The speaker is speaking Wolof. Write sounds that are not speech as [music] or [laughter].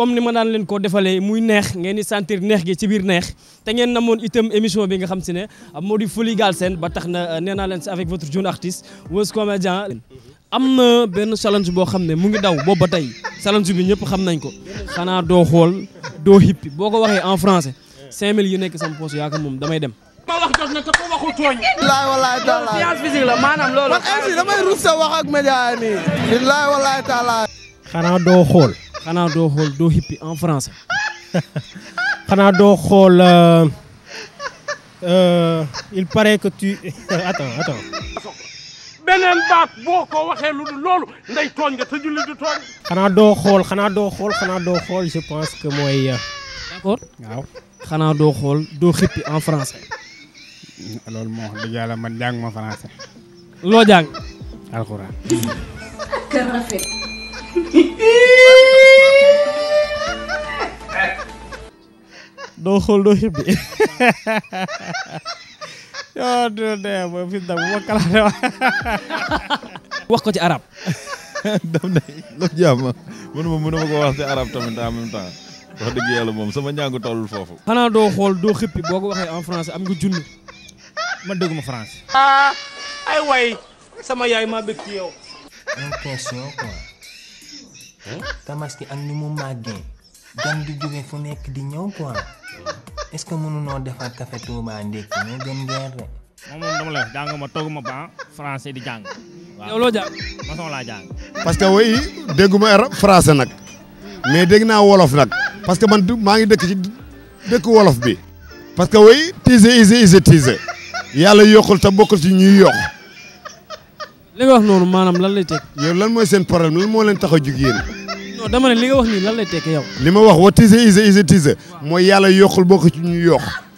comme ni ma daan leen ko defalee muy neex ngeen di sentir neex gi ci biir neex te ngeen na moon itam émission bi nga xam si ne moo di Folie Galsen ba tax na euh, nee naa leen si avec votre jeune artiste Weuz Comédien am na benn challenge boo xam ne mu ngi daw boobu ba tey challenge bi ñëpp xam nañ ko xanaa doo xool doo hippi boo ko waxee en français 5000 yu nekk sama poche yaakaar moom damay dem. ma wax jot na te ko waxul tooñ. bilaay la maanaam loolu. man ainsi damay ruus sa wax ak média nii. bilaay walaay xanaa doo xool. xanaa doo en français. [laughs] xanaa euh, euh, il paraît que tu [laughs] attends attends. beneen baat boo ko waxee lu te je pense que mooy. Euh, d'accord waaw. xanaa doo xool en français. Alors moo wax dëgg yàlla man jàng ma français. loo jàng. alxuraan. [laughs] no holdo himɓe yo [laughs] dude mo fidda mo kala wah wax ko ci arab dam day lo jama mënuma mënuma ko wax ci arab tamen en même temps wax dëgg yàlla mom, sama njàngu tollul foofu xanaa doo xool doo xippi boo ko waxee en français am nga junni ah, ma dëgguma français ah ay way sama yaay ma bëgg ci yow impression quoi tamas ki ak ni mu gan di jóge fu nekk di ñëw quoi est-ce que mënunoo defaat café Touba ndékki ne gën geer de. moom moom dama la jàng ma togg ma ba français di jàng. yow loo jàng maçon la jàng. parce que oui dégguma arab français nag mais dégg naa wolof nag parce que man maa ngi dëkk ci dëkk wolof bi. parce que oui tiser ise ise tiser yàlla yokkul te bokkul ci ñuy yokk. li nga wax noonu maanaam lan lay teg. yow lan mooy seen problème lan moo leen tax a jug yéen. non dama li wax nii lan lay tekki yow. li ma wax wa tiise ise tiise mooy yàlla yokkul bokk ñu yokk.